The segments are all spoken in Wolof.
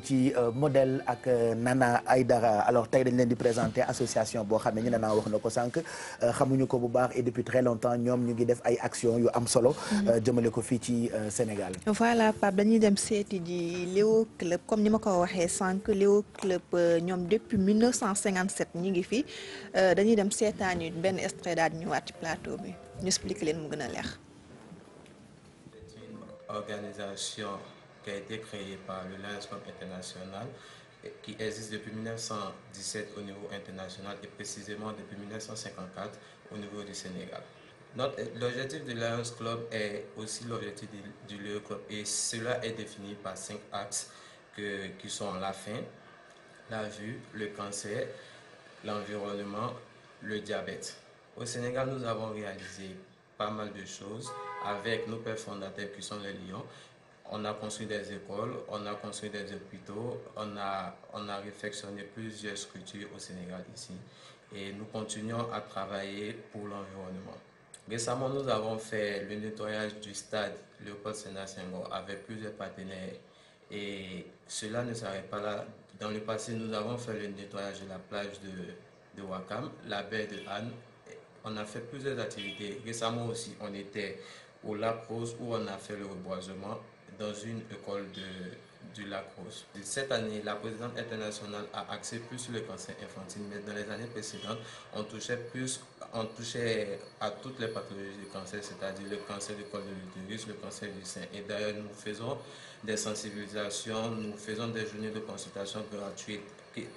ci euh, modèle ak euh, Nana dara alors tey dañ leen di présenter association boo xam ne ñu Nana wax na ko sànq euh, xamuñu ko bu baax et depuis très longtemps ñoom ñu ngi def ay action yu am solo. Mm-hmm. jëmale ko fii ci Sénégal. voilà Pape dañuy dem seeti ji Léo Club comme ni ma ko waxee sànq Léo Club ñoom depuis 1957 ñi ngi fi dañuy dem seetaani benn extrait daal ñu wat ci plateau bi ñu expliqué leen mu gën a leex. qui a été créé par le Lions Club International qui existe depuis 1917 au niveau international et précisément depuis 1954 au niveau du Sénégal. L'objectif du Lions Club est aussi l'objectif du, du Club et cela est défini par cinq axes que, qui sont la fin la vue, le cancer, l'environnement, le diabète. Au Sénégal, nous avons réalisé pas mal de choses avec nos pères fondateurs qui sont les lions on a construit des écoles, on a construit plusieurs structures au Sénégal ici. Et nous continuons à travailler pour l'environnement. Récemment, nous avons fait le nettoyage du stade Léopold Sénat Senghor avec plusieurs partenaires. Et cela ne s'arrête pas là. Dans le passé, nous avons fait le nettoyage de la plage de, Wakam, la baie de Han. On a fait plusieurs activités. Récemment aussi, on était au Lac Rose où on a fait le reboisement dans une école du Lac-Rose. Cette année, la présidente internationale a axé plus sur le cancer infantile, mais dans les années précédentes, on touchait à toutes les pathologies du cancer, c'est-à-dire le cancer du col de l'utérus, le cancer du sein. Et d'ailleurs, nous faisons des sensibilisations, nous faisons des journées de consultation gratuites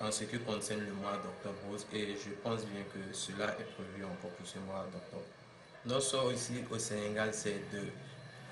en ce qui concerne le mois d'octobre rose et je pense bien que cela est prévu encore pour d'octobre. Notre sort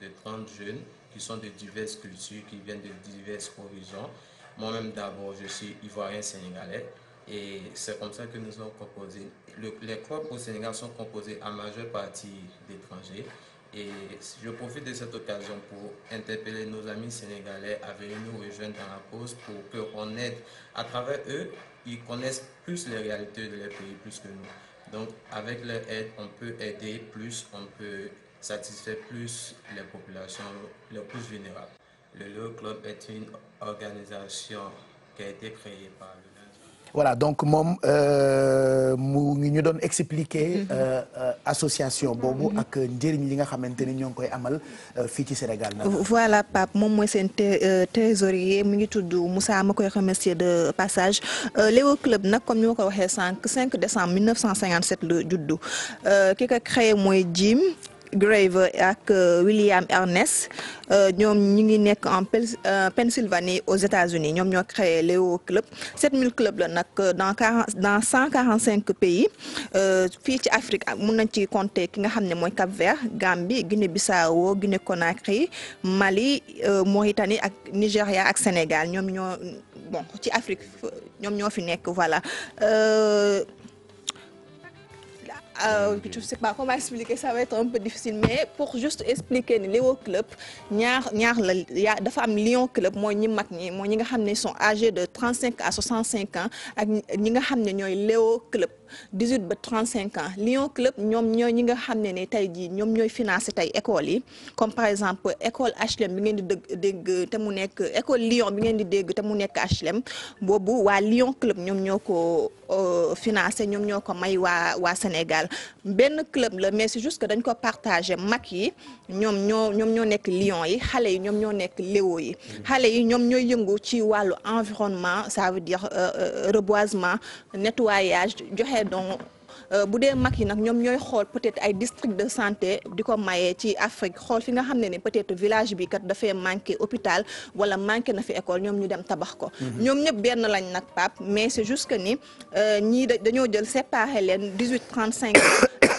de 30 jeunes qui sont de diverses cultures, qui viennent de divers horizons. Moi-même d'abord, je suis ivoirien sénégalais et c'est comme ça que nous sommes composés. les clubs au Sénégal sont composés en majeure partie d'étrangers et je profite de cette occasion pour interpeller nos amis sénégalais à venir nous rejoindre dans la cause pour qu'on aide à travers eux, ils connaissent plus les réalités de leur pays plus que nous. Donc avec leur aide, on peut aider plus, on peut satisfait plus les Le Léo Club est une organisation qui a été créée par le voilà donc moom euh, mu ngi ñu doon expliquer mhm. euh, euh, association boobu mhm. ak njëriñ li nga xamante ni ñoo ngi koy amal fii ci Sénégal na voilà Pape moom mooy seen trésorier mu ngi tudd Moussa ma koy remercier de passage Léo Club nag comme ni ma ko waxee sànq 5 décembre 1957 la juddu ki ko créé mooy Jim Grave ak euh, William Ernest euh, ñoom ñu ngi nekk en euh, Pennsylvanie aux États-Unis ñoom ñoo créé Léo Club 7000 club la nag dans quarante dans 145 pays fii ci Afrique mun nañ ci compter ki nga xam ne mooy Cap-Vert Gambie Guinée-Bissau Guinée-Conakry Mali Mauritanie ak Nigéria ak Sénégal ñoom ñoo ci Afrique ñoom ñoo fi nekk voilà. euh, je ne sais pas comment expliquer ça va être un peu difficile mais pour juste expliquer ni Léo Club ñaar la yaa dafa am Lion Club mooy ñi mag ñi mooy ñi nga xam ne sont âgés de 35 à 65 ans ak ñi nga xam ne ñooy Léo Club 18 ba 35 ans Lion Club ñoom ñoo ñi nga xam ne ne tey jii ñoom ñooy financé tey école yi comme par exemple école HLM bi ngeen di dëgg dégg te mu nekk école Lion bi ngeen di dégg te mu nekk HLM boobu waa Lion Club ñoom ñoo ko euh, financé ñoom ñoo ko may waa waa Sénégal benn club la mais c'est que dañ ko partagé mag yi ñoom ñoo ñoom ñoo nekk Lion yi xale yi ñoom ñoo nekk Léo yi xale yi ñoom ñooy yëngu ci wàllu environnement sa veut dire euh, euh, reboisement nettoyage joxe donc euh, bu dee mag yi nag ñoom ñooy xool peut-être ay district de santé di ko mayee ci Afrique xool fi nga xam ne ne peut-être village bi kat dafay manqué hôpital wala manqué na fi école ñoom ñu dem tabax ko. Mhm. ñoom ñëpp benn lañ nag Pape mais c'est juste que ni euh, ñii dañoo jël séparé leen dix-huit trente-cinq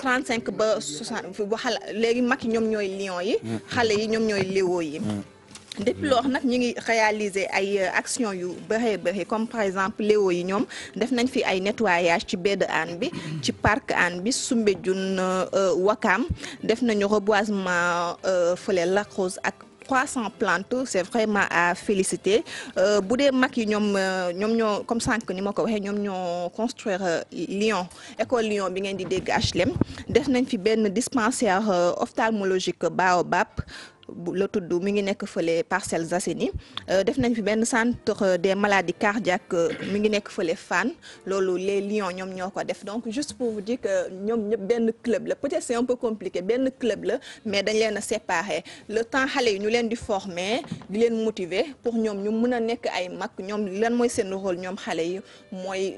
35 ba 60 waxal léegi mag yi ñoom ñooy lion yi. Mhm. xale yi ñoom ñooy léo yi. Mhm. depuis nag ñu ngi réaliser ay euh, action yu bëree bëri comme par exemple Léo yi ñoom def nañ fi ay nettoyage ci bedd aan bi ci parc aan bi Soumbédioune Wakaam euh, euh, def nañu reboisement fële la Rose ak 300 plantes c'est vraiment à féliciter bu dee mag yi ñoom ñoom ñoo comme sànq ni ma ko waxee ñoom ñoo construire lion école lion bi ngeen di dégg HLM def nañ fi benn dispensaire ophtalmologique Baobab la tudd mi ngi nekk fële Parcelles Assainies euh, def nañ fi benn centre euh, des maladies cardiaques euh, mi ngi nekk fële Fann loolu les Lions ñoom ñoo ko def donc juste pour vous dire que ñoom ñëpp benn club la peut-être c'est un peu compliqué benn club la mais dañ leen a séparer le temps xale yi ñu leen di former di leen motiver pour ñoom ñu mën a nekk ay mag ñoom lan mooy seen rôle ñoom xale yi mooy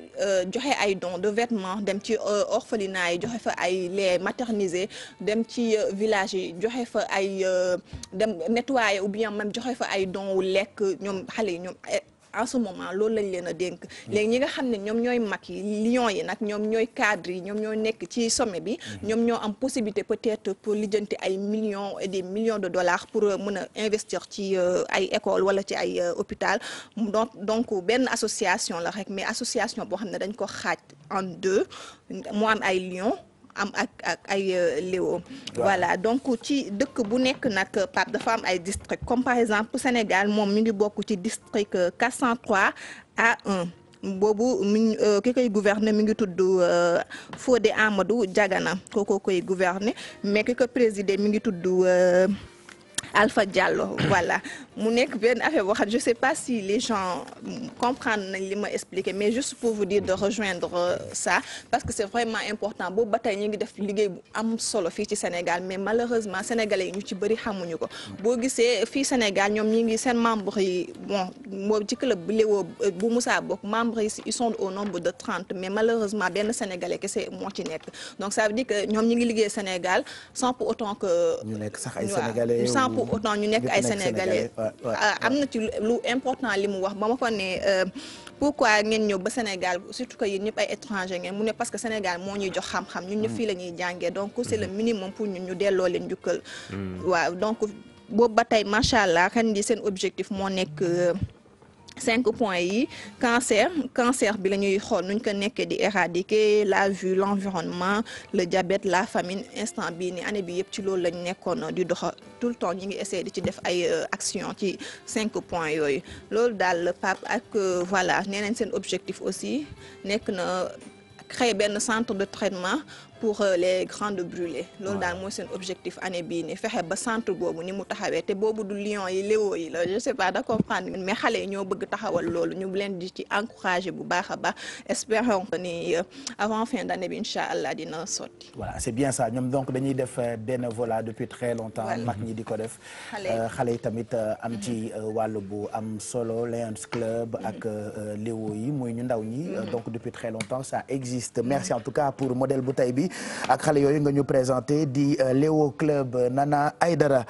joxe ay dons de vêtements dem ci orphelinat yi joxe fa ay lait maternisé dem ci village yi joxe fa ay dem nettoyer ou bien même joxe fa ay don wu lekk ñoom xale yi ñoom eh, en ce moment loolu lañ leen a dénk léegi ñi nga xam ne ñoom ñooy mag yi lion yi nag ñoom ñooy cadre yi ñoom ñooy nekk ci sommet bi mhm. ñoom ñoo am possibilité peut-être pour lijjanti ay millions et des de dollars pour euh, mën a investir ci euh, ay école wala ci ay euh, hôpital donc donc benn association la rek mais association boo xam ne dañ ko xaaj en deux mu am ay lion am ak ak ay euh, Léo. voilà donc ci dëkk bu nekk nag Pape dafa am ay districts comme par exemple Sénégal moom mi ngi bokk ci district 403 à 1. boobu mi euh, ki koy gouverner mi ngi tudd euh, Fodé Amadou Diagana kooku koy gouverner mais ki ko présider mi ngi tudd. Alpha Diallo voilà mu nekk benn affaire boo xam je sais pas si les gens comprendre nañ li ma expliquer mais juste pour vous dire de rejoindre euh, ça parce que c'est vraiment important boobu ba tey ñu ngi def liggéey bu am solo fii ci Sénégal mais malheureusement sénégalais ñu ci bëri xamuñu ko boo gisee fii Sénégal ñoom ñi ngi seen membre yi bon moo ci club bu Léwo euh, bu Moussa bokk membre yi ils sont au nombre de trente mais malheureusement benn sénégalais kese moo ci nekk donc ça veut dire que ñoom ñi ngi liggéey Sénégal sans pour ñu nekk sax ay pour autant ñu nekk ay sénégalais ah, am na ci lu important li mu wax ba ma ko ne euh, pourquoi ngeen ñëw ba Sénégal surtout que yen ñëpp ay étranger ngeen mu ne parce que Sénégal moo ñuy jox xam-xam ñu ñëpp fii la ñuy jàngee donc mm-hmm. c'est le minimum pour ñun ñu delloo leen njukkal mm-hmm. waaw donc boobu ba tey macha allah kan di seen objectif moo nekk euh, cinq points yi cancer cancer bi la ñuy xool ñu ko nekkee di éradiquer la vue l'environnement le diabète la famine instant bii ni année bi yëpp ci loolu lañu nekkoon di doxa tout le temps ñu ngi essayer di ci def ay euh, action ci cinq points yooyu loolu daal Pape ak euh, voilà nee nañ seen objectif aussi nekk na créer benn centre de traitement pour euh, les grandes brûlées loolu daal mooy seen objectif année bii fexe ba centre boobu ni mu taxawee te boobu du lion yi léo yi la je sais pas da comprendre mais xale yi ñoo bëgg taxawal loolu ñu leen di ci encourager bu baax a baax espérons que ni euh, avant fin d'année bi incha allah dina sotti voilà c'est bien ça ñoom donc dañuy def euh, bénévolat depuis très longtemps mag ñi di ko def xale yi tamit am ci mm-hmm. wàllu bu am solo Lions Club mm-hmm. ak léo yi muy ñu ndaw ñi mm-hmm. donc ak xale yooyu nga ñu présenté di euh, Léo Club Nana Aidara